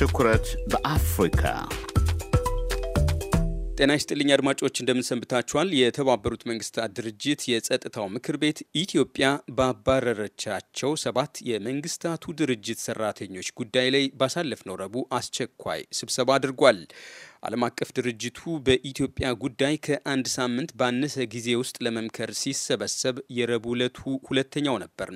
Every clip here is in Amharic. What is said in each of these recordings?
ትኩረት በአፍሪካ ጤና ይስጥልኝ አድማጮች፣ እንደምንሰንብታችኋል። የተባበሩት መንግስታት ድርጅት የጸጥታው ምክር ቤት ኢትዮጵያ ባባረረቻቸው ሰባት የመንግስታቱ ድርጅት ሰራተኞች ጉዳይ ላይ ባሳለፍነው ረቡዕ አስቸኳይ ስብሰባ አድርጓል። ዓለም አቀፍ ድርጅቱ በኢትዮጵያ ጉዳይ ከአንድ ሳምንት ባነሰ ጊዜ ውስጥ ለመምከር ሲሰበሰብ የረቡዕ ዕለቱ ሁለተኛው ነበር።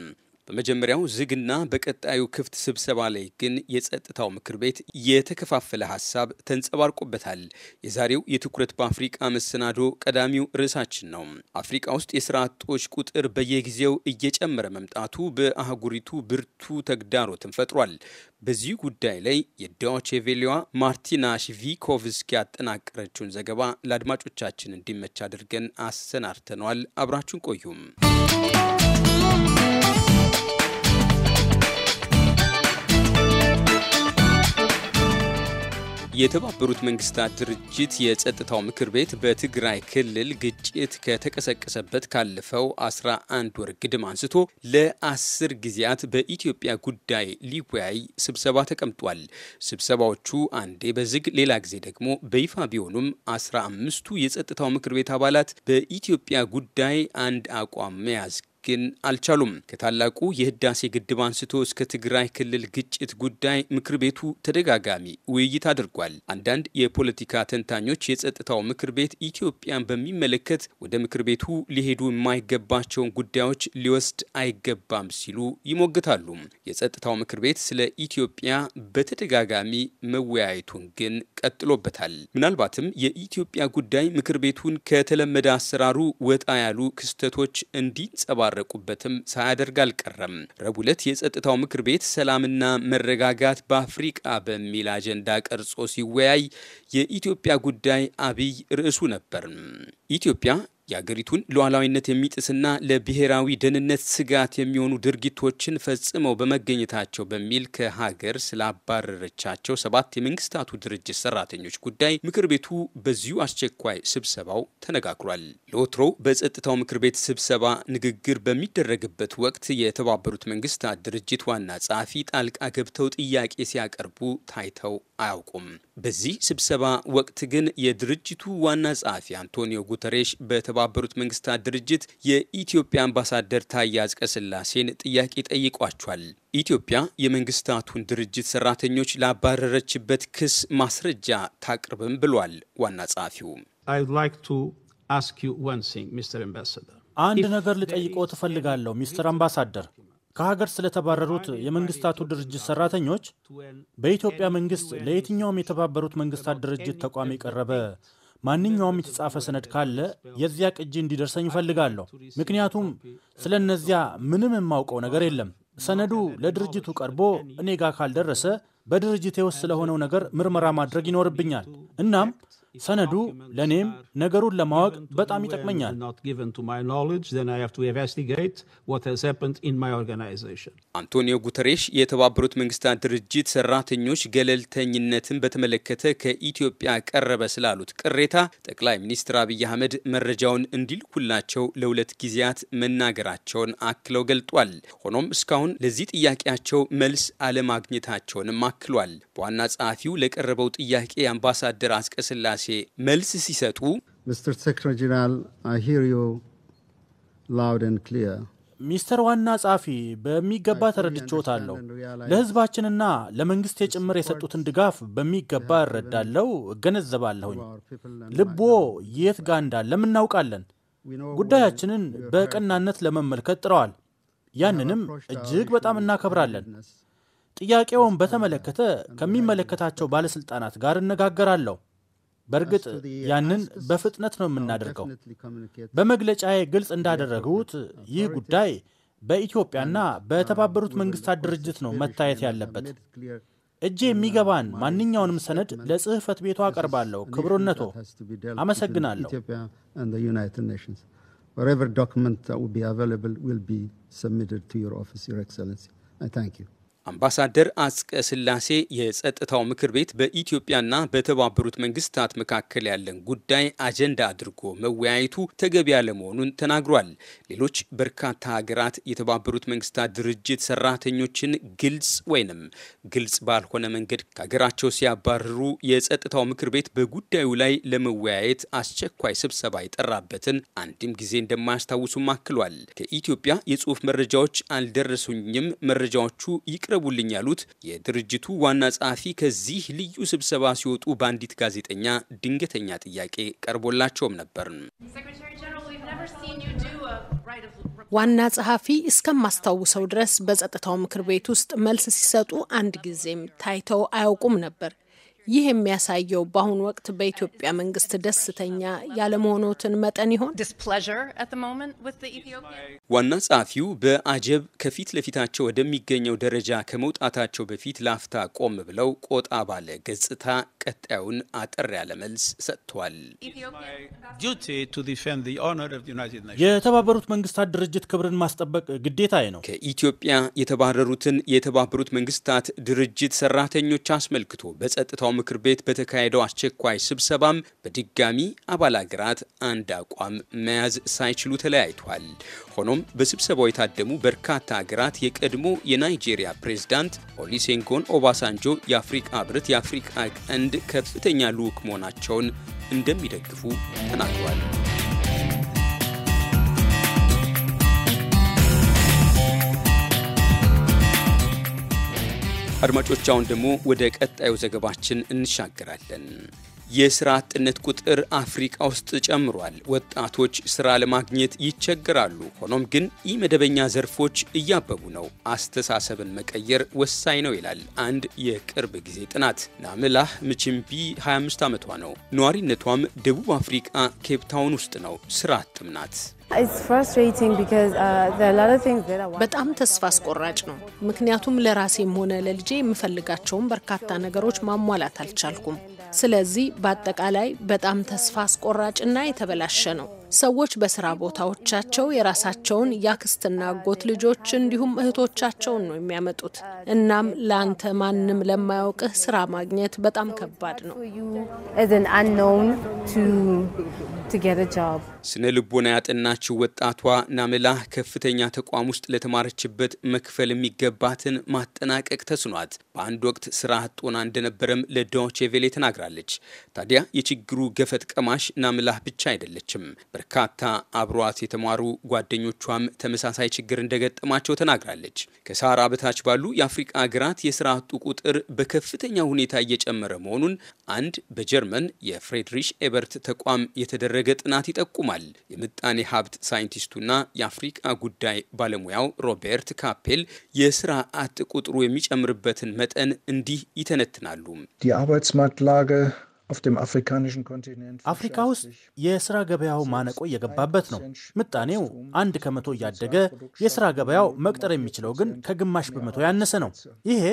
በመጀመሪያው ዝግና በቀጣዩ ክፍት ስብሰባ ላይ ግን የጸጥታው ምክር ቤት የተከፋፈለ ሀሳብ ተንጸባርቆበታል። የዛሬው የትኩረት በአፍሪቃ መሰናዶ ቀዳሚው ርዕሳችን ነው። አፍሪቃ ውስጥ የስራ አጦች ቁጥር በየጊዜው እየጨመረ መምጣቱ በአህጉሪቱ ብርቱ ተግዳሮትን ፈጥሯል። በዚህ ጉዳይ ላይ የዶቼ ቬሌዋ ማርቲና ሽቪኮቭስኪ ያጠናቀረችውን ዘገባ ለአድማጮቻችን እንዲመች አድርገን አሰናድተነዋል። አብራችሁን ቆዩም የተባበሩት መንግስታት ድርጅት የጸጥታው ምክር ቤት በትግራይ ክልል ግጭት ከተቀሰቀሰበት ካለፈው 11 ወር ግድም አንስቶ ለአስር ጊዜያት በኢትዮጵያ ጉዳይ ሊወያይ ስብሰባ ተቀምጧል። ስብሰባዎቹ አንዴ በዝግ ሌላ ጊዜ ደግሞ በይፋ ቢሆኑም አስራ አምስቱ የጸጥታው ምክር ቤት አባላት በኢትዮጵያ ጉዳይ አንድ አቋም መያዝ ግን አልቻሉም። ከታላቁ የህዳሴ ግድብ አንስቶ እስከ ትግራይ ክልል ግጭት ጉዳይ ምክር ቤቱ ተደጋጋሚ ውይይት አድርጓል። አንዳንድ የፖለቲካ ተንታኞች የጸጥታው ምክር ቤት ኢትዮጵያን በሚመለከት ወደ ምክር ቤቱ ሊሄዱ የማይገባቸውን ጉዳዮች ሊወስድ አይገባም ሲሉ ይሞግታሉ። የጸጥታው ምክር ቤት ስለ ኢትዮጵያ በተደጋጋሚ መወያየቱን ግን ቀጥሎበታል። ምናልባትም የኢትዮጵያ ጉዳይ ምክር ቤቱን ከተለመደ አሰራሩ ወጣ ያሉ ክስተቶች እንዲንጸባ እንዲታረቁበትም ሳያደርግ አልቀረም። ረቡዕ ዕለት የጸጥታው ምክር ቤት ሰላምና መረጋጋት በአፍሪቃ በሚል አጀንዳ ቀርጾ ሲወያይ የኢትዮጵያ ጉዳይ አብይ ርዕሱ ነበር። ኢትዮጵያ የአገሪቱን ሉዓላዊነት የሚጥስና ለብሔራዊ ደህንነት ስጋት የሚሆኑ ድርጊቶችን ፈጽመው በመገኘታቸው በሚል ከሀገር ስላባረረቻቸው ሰባት የመንግስታቱ ድርጅት ሰራተኞች ጉዳይ ምክር ቤቱ በዚሁ አስቸኳይ ስብሰባው ተነጋግሯል። ለወትሮ በጸጥታው ምክር ቤት ስብሰባ ንግግር በሚደረግበት ወቅት የተባበሩት መንግስታት ድርጅት ዋና ጸሐፊ ጣልቃ ገብተው ጥያቄ ሲያቀርቡ ታይተው አያውቁም። በዚህ ስብሰባ ወቅት ግን የድርጅቱ ዋና ጸሐፊ አንቶኒዮ ጉተሬሽ በተባበሩት መንግስታት ድርጅት የኢትዮጵያ አምባሳደር ታዬ አጽቀሥላሴን ጥያቄ ጠይቋቸዋል። ኢትዮጵያ የመንግስታቱን ድርጅት ሰራተኞች ላባረረችበት ክስ ማስረጃ ታቅርብም ብሏል። ዋና ጸሐፊው አንድ ነገር ልጠይቆ ትፈልጋለሁ ሚስተር አምባሳደር ከሀገር ስለተባረሩት የመንግስታቱ ድርጅት ሰራተኞች በኢትዮጵያ መንግስት ለየትኛውም የተባበሩት መንግስታት ድርጅት ተቋም የቀረበ ማንኛውም የተጻፈ ሰነድ ካለ የዚያ ቅጂ እንዲደርሰኝ ይፈልጋለሁ። ምክንያቱም ስለ እነዚያ ምንም የማውቀው ነገር የለም። ሰነዱ ለድርጅቱ ቀርቦ እኔ ጋር ካልደረሰ በድርጅቴ ውስጥ ስለሆነው ነገር ምርመራ ማድረግ ይኖርብኛል። እናም ሰነዱ ለእኔም ነገሩን ለማወቅ በጣም ይጠቅመኛል። አንቶኒዮ ጉተሬሽ የተባበሩት መንግስታት ድርጅት ሰራተኞች ገለልተኝነትን በተመለከተ ከኢትዮጵያ ቀረበ ስላሉት ቅሬታ ጠቅላይ ሚኒስትር አብይ አህመድ መረጃውን እንዲልኩላቸው ለሁለት ጊዜያት መናገራቸውን አክለው ገልጧል። ሆኖም እስካሁን ለዚህ ጥያቄያቸው መልስ አለማግኘታቸውንም አክሏል። በዋና ጸሐፊው ለቀረበው ጥያቄ አምባሳደር አስቀስላሴ ስላሴ መልስ ሲሰጡ ሚስተር ዋና ጻፊ በሚገባ ተረድቾታለሁ። ለሕዝባችንና ለመንግሥት ጭምር የሰጡትን ድጋፍ በሚገባ እረዳለሁ፣ እገነዘባለሁኝ። ልቦ የት ጋ እንዳለም እናውቃለን። ጉዳያችንን በቀናነት ለመመልከት ጥረዋል። ያንንም እጅግ በጣም እናከብራለን። ጥያቄውን በተመለከተ ከሚመለከታቸው ባለሥልጣናት ጋር እነጋገራለሁ። በእርግጥ ያንን በፍጥነት ነው የምናደርገው። በመግለጫዬ ግልጽ እንዳደረጉት ይህ ጉዳይ በኢትዮጵያና በተባበሩት መንግስታት ድርጅት ነው መታየት ያለበት። እጄ የሚገባን ማንኛውንም ሰነድ ለጽህፈት ቤቱ አቀርባለሁ። ክብሮነቶ አመሰግናለሁ። አምባሳደር አጽቀ ስላሴ የጸጥታው ምክር ቤት በኢትዮጵያና በተባበሩት መንግስታት መካከል ያለን ጉዳይ አጀንዳ አድርጎ መወያየቱ ተገቢ ያለመሆኑን ተናግሯል። ሌሎች በርካታ ሀገራት የተባበሩት መንግስታት ድርጅት ሰራተኞችን ግልጽ ወይንም ግልጽ ባልሆነ መንገድ ከሀገራቸው ሲያባርሩ የጸጥታው ምክር ቤት በጉዳዩ ላይ ለመወያየት አስቸኳይ ስብሰባ የጠራበትን አንድም ጊዜ እንደማያስታውሱም አክሏል። ከኢትዮጵያ የጽሁፍ መረጃዎች አልደረሱኝም። መረጃዎቹ ይቅር አቅርቡልኝ ያሉት የድርጅቱ ዋና ጸሐፊ ከዚህ ልዩ ስብሰባ ሲወጡ በአንዲት ጋዜጠኛ ድንገተኛ ጥያቄ ቀርቦላቸውም ነበር። ዋና ጸሐፊ እስከማስታውሰው ድረስ በጸጥታው ምክር ቤት ውስጥ መልስ ሲሰጡ አንድ ጊዜም ታይተው አያውቁም ነበር። ይህ የሚያሳየው በአሁኑ ወቅት በኢትዮጵያ መንግስት ደስተኛ ያለመሆኖትን መጠን ይሆን? ዋና ጸሐፊው በአጀብ ከፊት ለፊታቸው ወደሚገኘው ደረጃ ከመውጣታቸው በፊት ላፍታ ቆም ብለው ቆጣ ባለ ገጽታ ቀጣዩን አጠር ያለ መልስ ሰጥቷል። የተባበሩት መንግስታት ድርጅት ክብርን ማስጠበቅ ግዴታዬ ነው። ከኢትዮጵያ የተባረሩትን የተባበሩት መንግስታት ድርጅት ሰራተኞች አስመልክቶ በጸጥታው ምክር ቤት በተካሄደው አስቸኳይ ስብሰባም በድጋሚ አባል አገራት አንድ አቋም መያዝ ሳይችሉ ተለያይቷል። ሆኖም በስብሰባው የታደሙ በርካታ አገራት የቀድሞ የናይጄሪያ ፕሬዝዳንት ኦሊሴንጎን ኦባሳንጆ የአፍሪቃ ህብረት የአፍሪቃ ቀንድ ከፍተኛ ልዑክ መሆናቸውን እንደሚደግፉ ተናግሯል። አድማጮች፣ አሁን ደግሞ ወደ ቀጣዩ ዘገባችን እንሻገራለን። የስራ አጥነት ቁጥር አፍሪካ ውስጥ ጨምሯል። ወጣቶች ስራ ለማግኘት ይቸገራሉ። ሆኖም ግን መደበኛ ዘርፎች እያበቡ ነው። አስተሳሰብን መቀየር ወሳኝ ነው ይላል አንድ የቅርብ ጊዜ ጥናት። ናምላህ ምችምቢ 25 ዓመቷ ነው። ነዋሪነቷም ደቡብ አፍሪቃ ኬፕታውን ውስጥ ነው። ስራ አጥም ናት። Uh, በጣም ተስፋ አስቆራጭ ነው። ምክንያቱም ለራሴም ሆነ ለልጄ የምፈልጋቸውን በርካታ ነገሮች ማሟላት አልቻልኩም። ስለዚህ በአጠቃላይ በጣም ተስፋ አስቆራጭና የተበላሸ ነው። ሰዎች በስራ ቦታዎቻቸው የራሳቸውን የአክስትና አጎት ልጆች እንዲሁም እህቶቻቸውን ነው የሚያመጡት። እናም ለአንተ ማንም ለማያውቅህ ስራ ማግኘት በጣም ከባድ ነው። ስነ ልቦና ያጠናችው ወጣቷ ናምላ ከፍተኛ ተቋም ውስጥ ለተማረችበት መክፈል የሚገባትን ማጠናቀቅ ተስኗት በአንድ ወቅት ስራ አጥ እንደነበረም ለዶቼ ቬሌ ተናግራለች። ታዲያ የችግሩ ገፈት ቀማሽ ናምላ ብቻ አይደለችም። በርካታ አብሯት የተማሩ ጓደኞቿም ተመሳሳይ ችግር እንደገጠማቸው ተናግራለች። ከሳራ በታች ባሉ የአፍሪቃ ሀገራት የስራ አጡ ቁጥር በከፍተኛ ሁኔታ እየጨመረ መሆኑን አንድ በጀርመን የፍሬድሪሽ ኤበርት ተቋም የተደረገ ጥናት ይጠቁማል። የምጣኔ ሀብት ሳይንቲስቱና የአፍሪቃ ጉዳይ ባለሙያው ሮቤርት ካፔል የስራ አጥ ቁጥሩ የሚጨምርበትን መጠን እንዲህ ይተነትናሉ። አፍሪካ ውስጥ የስራ ገበያው ማነቆ እየገባበት ነው። ምጣኔው አንድ ከመቶ እያደገ የስራ ገበያው መቅጠር የሚችለው ግን ከግማሽ በመቶ ያነሰ ነው። ይሄ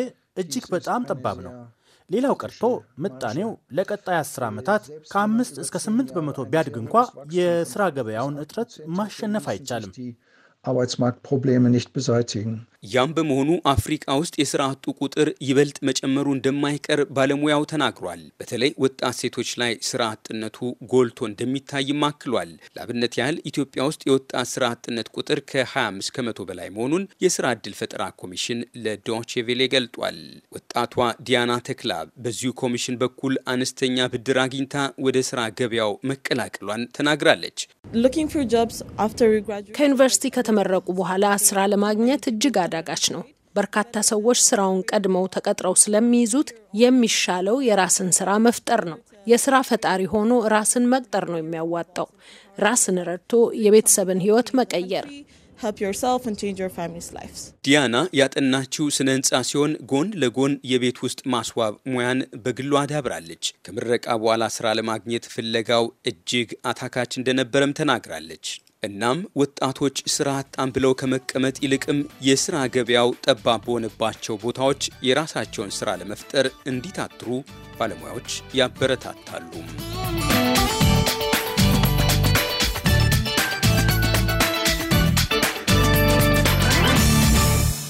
እጅግ በጣም ጠባብ ነው። ሌላው ቀርቶ ምጣኔው ለቀጣይ አስር ዓመታት ከአምስት እስከ ስምንት በመቶ ቢያድግ እንኳ የስራ ገበያውን እጥረት ማሸነፍ አይቻልም። ያም በመሆኑ አፍሪካ ውስጥ የስራ አጡ ቁጥር ይበልጥ መጨመሩ እንደማይቀር ባለሙያው ተናግሯል። በተለይ ወጣት ሴቶች ላይ ስራ አጥነቱ ጎልቶ እንደሚታይም አክሏል። ለአብነት ያህል ኢትዮጵያ ውስጥ የወጣት ስራ አጥነት ቁጥር ከ25 ከመቶ በላይ መሆኑን የስራ እድል ፈጠራ ኮሚሽን ለዶቼ ገልጧል። ወጣቷ ዲያና ተክላ በዚሁ ኮሚሽን በኩል አነስተኛ ብድር አግኝታ ወደ ስራ ገበያው መቀላቀሏን ተናግራለች። ከዩኒቨርሲቲ ከተመረቁ በኋላ ስራ ለማግኘት እጅግ አዳጋች ነው። በርካታ ሰዎች ስራውን ቀድመው ተቀጥረው ስለሚይዙት የሚሻለው የራስን ስራ መፍጠር ነው። የስራ ፈጣሪ ሆኖ ራስን መቅጠር ነው የሚያዋጣው። ራስን ረድቶ የቤተሰብን ህይወት መቀየር። ዲያና ያጠናችው ስነ ህንፃ ሲሆን ጎን ለጎን የቤት ውስጥ ማስዋብ ሙያን በግሏ አዳብራለች። ከምረቃ በኋላ ስራ ለማግኘት ፍለጋው እጅግ አታካች እንደነበረም ተናግራለች። እናም ወጣቶች ስራ አጣን ብለው ከመቀመጥ ይልቅም የስራ ገበያው ጠባብ በሆነባቸው ቦታዎች የራሳቸውን ስራ ለመፍጠር እንዲታትሩ ባለሙያዎች ያበረታታሉ።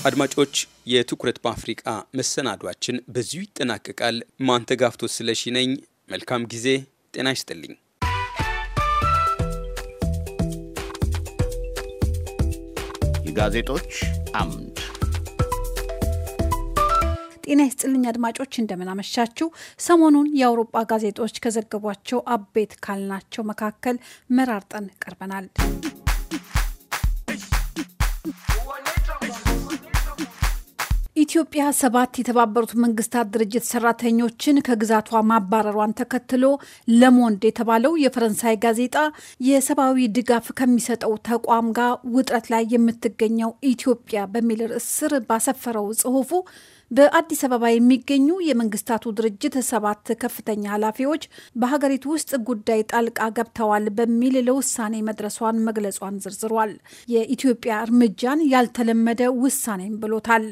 አድማጮች፣ የትኩረት በአፍሪቃ መሰናዷችን በዚሁ ይጠናቀቃል። ማንተጋፍቶ ስለሺ ነኝ። መልካም ጊዜ። ጤና ይስጥልኝ። ጋዜጦች አምድ ጤና ይስጥልኝ አድማጮች፣ እንደምናመሻችሁ። ሰሞኑን የአውሮጳ ጋዜጦች ከዘገቧቸው አቤት ካልናቸው መካከል መራርጠን ቀርበናል። ኢትዮጵያ ሰባት የተባበሩት መንግስታት ድርጅት ሰራተኞችን ከግዛቷ ማባረሯን ተከትሎ ለሞንድ የተባለው የፈረንሳይ ጋዜጣ የሰብአዊ ድጋፍ ከሚሰጠው ተቋም ጋር ውጥረት ላይ የምትገኘው ኢትዮጵያ በሚል ርዕስ ስር ባሰፈረው ጽሁፉ በአዲስ አበባ የሚገኙ የመንግስታቱ ድርጅት ሰባት ከፍተኛ ኃላፊዎች በሀገሪቱ ውስጥ ጉዳይ ጣልቃ ገብተዋል በሚል ለውሳኔ መድረሷን መግለጿን ዝርዝሯል። የኢትዮጵያ እርምጃን ያልተለመደ ውሳኔም ብሎታል።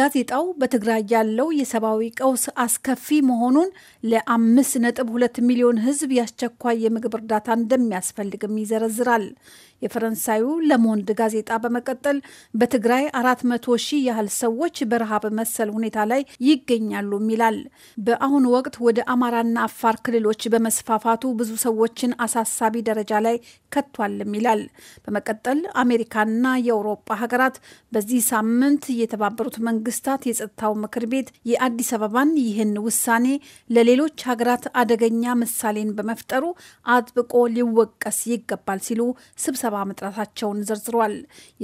ጋዜጣው በትግራይ ያለው የሰብአዊ ቀውስ አስከፊ መሆኑን ለአምስት ነጥብ ሁለት ሚሊዮን ህዝብ ያስቸኳይ የምግብ እርዳታ እንደሚያስፈልግም ይዘረዝራል። የፈረንሳዩ ለሞንድ ጋዜጣ በመቀጠል በትግራይ አራት መቶ ሺህ ያህል ሰዎች በረሃብ መሰል ሁኔታ ላይ ይገኛሉም ይላል። በአሁኑ ወቅት ወደ አማራና አፋር ክልሎች በመስፋፋቱ ብዙ ሰዎችን አሳሳቢ ደረጃ ላይ ከቷልም ይላል። በመቀጠል አሜሪካና የአውሮፓ ሀገራት በዚህ ሳምንት የተባበሩት መንግስታት የጸጥታው ምክር ቤት የአዲስ አበባን ይህን ውሳኔ ለሌሎች ሀገራት አደገኛ ምሳሌን በመፍጠሩ አጥብቆ ሊወቀስ ይገባል ሲሉ ስብሰባ መጥራታቸውን ዘርዝሯል።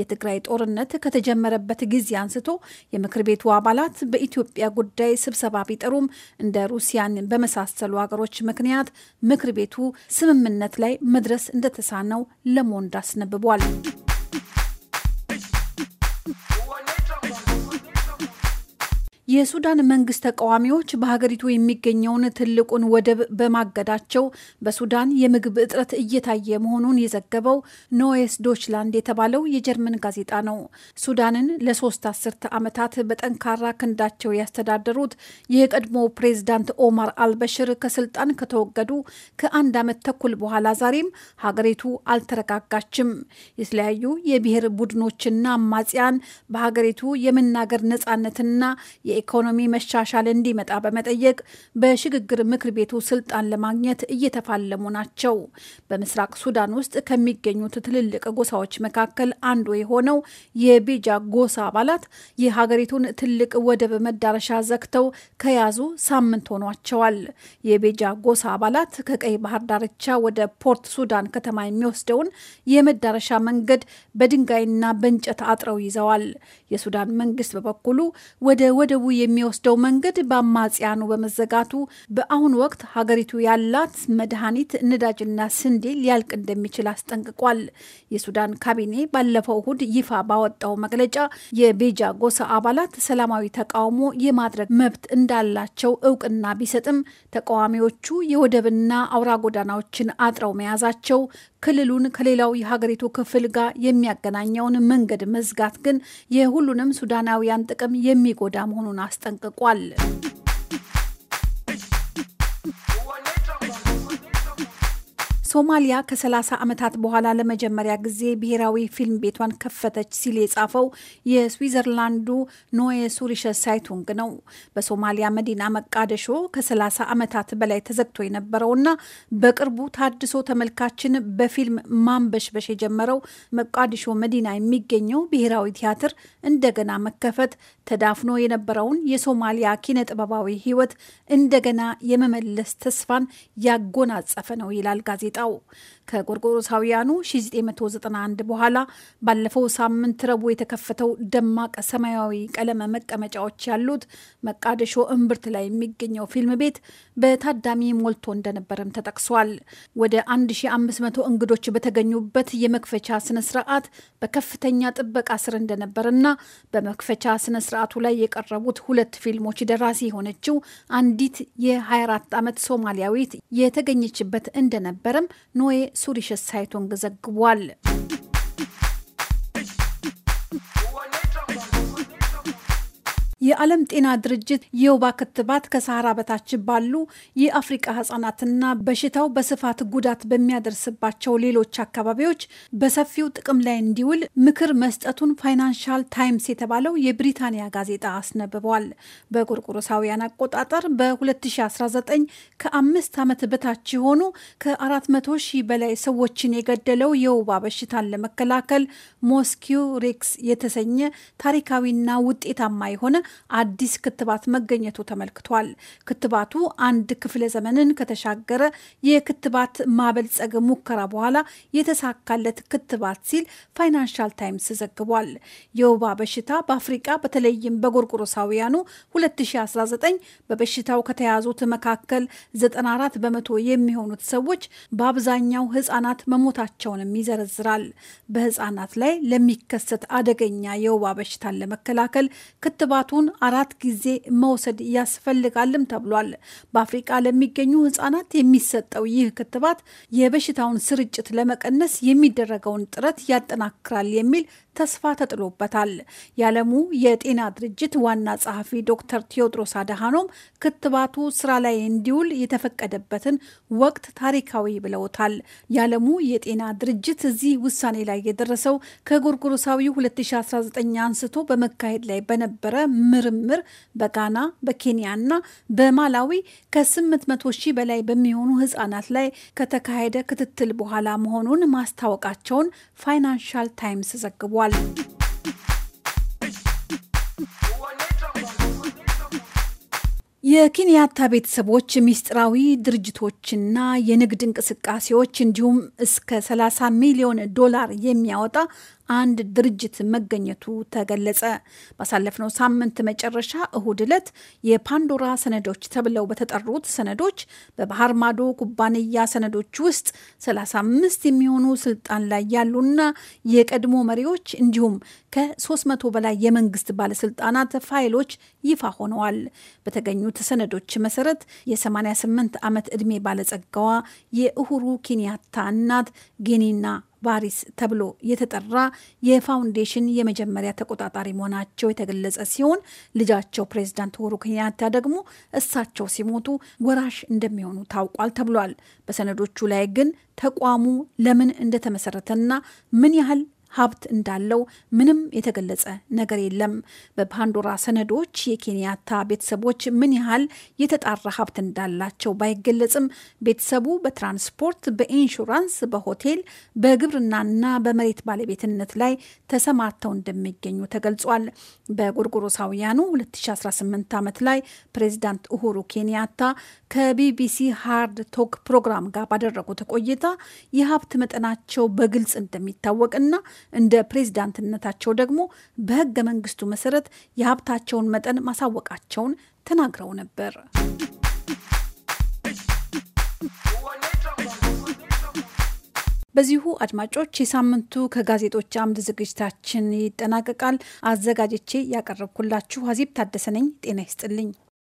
የትግራይ ጦርነት ከተጀመረበት ጊዜ አንስቶ የምክር ቤቱ አባላት በኢትዮጵያ ጉዳይ ስብሰባ ቢጠሩም እንደ ሩሲያን በመሳሰሉ አገሮች ምክንያት ምክር ቤቱ ስምምነት ላይ መድረስ እንደተሳነው ለሞንድ አስነብቧል። የሱዳን መንግስት ተቃዋሚዎች በሀገሪቱ የሚገኘውን ትልቁን ወደብ በማገዳቸው በሱዳን የምግብ እጥረት እየታየ መሆኑን የዘገበው ኖዌስ ዶችላንድ የተባለው የጀርመን ጋዜጣ ነው። ሱዳንን ለሶስት አስርተ ዓመታት በጠንካራ ክንዳቸው ያስተዳደሩት የቀድሞ ፕሬዝዳንት ኦማር አልበሽር ከስልጣን ከተወገዱ ከአንድ ዓመት ተኩል በኋላ ዛሬም ሀገሪቱ አልተረጋጋችም። የተለያዩ የብሔር ቡድኖችና አማጽያን በሀገሪቱ የመናገር ነጻነትና የ የኢኮኖሚ መሻሻል እንዲመጣ በመጠየቅ በሽግግር ምክር ቤቱ ስልጣን ለማግኘት እየተፋለሙ ናቸው። በምስራቅ ሱዳን ውስጥ ከሚገኙት ትልልቅ ጎሳዎች መካከል አንዱ የሆነው የቤጃ ጎሳ አባላት የሀገሪቱን ትልቅ ወደብ መዳረሻ ዘግተው ከያዙ ሳምንት ሆኗቸዋል። የቤጃ ጎሳ አባላት ከቀይ ባህር ዳርቻ ወደ ፖርት ሱዳን ከተማ የሚወስደውን የመዳረሻ መንገድ በድንጋይና በእንጨት አጥረው ይዘዋል። የሱዳን መንግስት በበኩሉ ወደ ወደቡ የሚወስደው መንገድ በአማጽያኑ በመዘጋቱ በአሁኑ ወቅት ሀገሪቱ ያላት መድኃኒት፣ ነዳጅና ስንዴ ሊያልቅ እንደሚችል አስጠንቅቋል። የሱዳን ካቢኔ ባለፈው እሁድ ይፋ ባወጣው መግለጫ የቤጃ ጎሳ አባላት ሰላማዊ ተቃውሞ የማድረግ መብት እንዳላቸው እውቅና ቢሰጥም ተቃዋሚዎቹ የወደብና አውራ ጎዳናዎችን አጥረው መያዛቸው ክልሉን ከሌላው የሀገሪቱ ክፍል ጋር የሚያገናኘውን መንገድ መዝጋት ግን የሁሉንም ሱዳናውያን ጥቅም የሚጎዳ መሆኑን አስጠንቅቋል። ሶማሊያ ከ30 ዓመታት በኋላ ለመጀመሪያ ጊዜ ብሔራዊ ፊልም ቤቷን ከፈተች ሲል የጻፈው የስዊዘርላንዱ ኖዬ ሱሪሸ ሳይቱንግ ነው። በሶማሊያ መዲና መቃደሾ ከ30 ዓመታት በላይ ተዘግቶ የነበረውና በቅርቡ ታድሶ ተመልካችን በፊልም ማንበሽበሽ የጀመረው መቃደሾ መዲና የሚገኘው ብሔራዊ ቲያትር እንደገና መከፈት ተዳፍኖ የነበረውን የሶማሊያ ኪነ ጥበባዊ ሕይወት እንደገና የመመለስ ተስፋን ያጎናጸፈ ነው ይላል ጋዜጣ የወጣው። ከጎርጎሮሳውያኑ 1991 በኋላ ባለፈው ሳምንት ረቡዕ የተከፈተው ደማቅ ሰማያዊ ቀለመ መቀመጫዎች ያሉት መቃደሾ እምብርት ላይ የሚገኘው ፊልም ቤት በታዳሚ ሞልቶ እንደነበረም ተጠቅሷል። ወደ 1500 እንግዶች በተገኙበት የመክፈቻ ስነስርዓት በከፍተኛ ጥበቃ ስር እንደነበርና በመክፈቻ ስነስርዓቱ ላይ የቀረቡት ሁለት ፊልሞች ደራሲ የሆነችው አንዲት የ24 ዓመት ሶማሊያዊት የተገኘችበት እንደነበረም ኖኤ ሱሪሸስ ሳይቶንግ ዘግቧል። የዓለም ጤና ድርጅት የወባ ክትባት ከሰሃራ በታች ባሉ የአፍሪቃ ህጻናትና በሽታው በስፋት ጉዳት በሚያደርስባቸው ሌሎች አካባቢዎች በሰፊው ጥቅም ላይ እንዲውል ምክር መስጠቱን ፋይናንሻል ታይምስ የተባለው የብሪታንያ ጋዜጣ አስነብቧል። በጎርጎሮሳውያን አቆጣጠር በ2019 ከአምስት ዓመት በታች የሆኑ ከ400 ሺህ በላይ ሰዎችን የገደለው የወባ በሽታን ለመከላከል ሞስኪው ሬክስ የተሰኘ ታሪካዊና ውጤታማ የሆነ አዲስ ክትባት መገኘቱ ተመልክቷል። ክትባቱ አንድ ክፍለ ዘመንን ከተሻገረ የክትባት ማበልጸግ ሙከራ በኋላ የተሳካለት ክትባት ሲል ፋይናንሻል ታይምስ ዘግቧል። የወባ በሽታ በአፍሪቃ በተለይም በጎርጎሮሳውያኑ 2019 በበሽታው ከተያዙት መካከል 94 በመቶ የሚሆኑት ሰዎች በአብዛኛው ህጻናት መሞታቸውንም ይዘረዝራል። በህጻናት ላይ ለሚከሰት አደገኛ የወባ በሽታን ለመከላከል ክትባቱ ክትባቱን አራት ጊዜ መውሰድ ያስፈልጋልም ተብሏል። በአፍሪቃ ለሚገኙ ህጻናት የሚሰጠው ይህ ክትባት የበሽታውን ስርጭት ለመቀነስ የሚደረገውን ጥረት ያጠናክራል የሚል ተስፋ ተጥሎበታል። የዓለሙ የጤና ድርጅት ዋና ጸሐፊ ዶክተር ቴዎድሮስ አድሃኖም ክትባቱ ስራ ላይ እንዲውል የተፈቀደበትን ወቅት ታሪካዊ ብለውታል። የዓለሙ የጤና ድርጅት እዚህ ውሳኔ ላይ የደረሰው ከጎርጎሮሳዊ 2019 አንስቶ በመካሄድ ላይ በነበረ ምርምር በጋና በኬንያና በማላዊ ከ800 ሺህ በላይ በሚሆኑ ህጻናት ላይ ከተካሄደ ክትትል በኋላ መሆኑን ማስታወቃቸውን ፋይናንሻል ታይምስ ዘግቧል። የኬንያታ ቤተሰቦች ሚስጥራዊ ድርጅቶችና የንግድ እንቅስቃሴዎች እንዲሁም እስከ 30 ሚሊዮን ዶላር የሚያወጣ አንድ ድርጅት መገኘቱ ተገለጸ። ባሳለፍነው ሳምንት መጨረሻ እሁድ ዕለት የፓንዶራ ሰነዶች ተብለው በተጠሩት ሰነዶች በባህር ማዶ ኩባንያ ሰነዶች ውስጥ 35 የሚሆኑ ስልጣን ላይ ያሉና የቀድሞ መሪዎች እንዲሁም ከ300 በላይ የመንግስት ባለስልጣናት ፋይሎች ይፋ ሆነዋል። በተገኙት ሰነዶች መሰረት የ88 ዓመት ዕድሜ ባለጸጋዋ የእሁሩ ኬንያታ እናት ጌኒና ቫሪስ ተብሎ የተጠራ የፋውንዴሽን የመጀመሪያ ተቆጣጣሪ መሆናቸው የተገለጸ ሲሆን ልጃቸው ፕሬዚዳንት ኡሁሩ ኬንያታ ደግሞ እሳቸው ሲሞቱ ወራሽ እንደሚሆኑ ታውቋል ተብሏል። በሰነዶቹ ላይ ግን ተቋሙ ለምን እንደተመሰረተና ምን ያህል ሀብት እንዳለው ምንም የተገለጸ ነገር የለም። በፓንዶራ ሰነዶች የኬንያታ ቤተሰቦች ምን ያህል የተጣራ ሀብት እንዳላቸው ባይገለጽም ቤተሰቡ በትራንስፖርት፣ በኢንሹራንስ፣ በሆቴል፣ በግብርናና በመሬት ባለቤትነት ላይ ተሰማርተው እንደሚገኙ ተገልጿል። በጎርጎሮሳውያኑ 2018 ዓመት ላይ ፕሬዚዳንት ኡሁሩ ኬንያታ ከቢቢሲ ሃርድ ቶክ ፕሮግራም ጋር ባደረጉት ቆይታ የሀብት መጠናቸው በግልጽ እንደሚታወቅና እንደ ፕሬዚዳንትነታቸው ደግሞ በህገ መንግስቱ መሰረት የሀብታቸውን መጠን ማሳወቃቸውን ተናግረው ነበር። በዚሁ አድማጮች የሳምንቱ ከጋዜጦች አምድ ዝግጅታችን ይጠናቀቃል። አዘጋጅቼ ያቀረብኩላችሁ አዜብ ታደሰ ነኝ። ጤና ይስጥልኝ።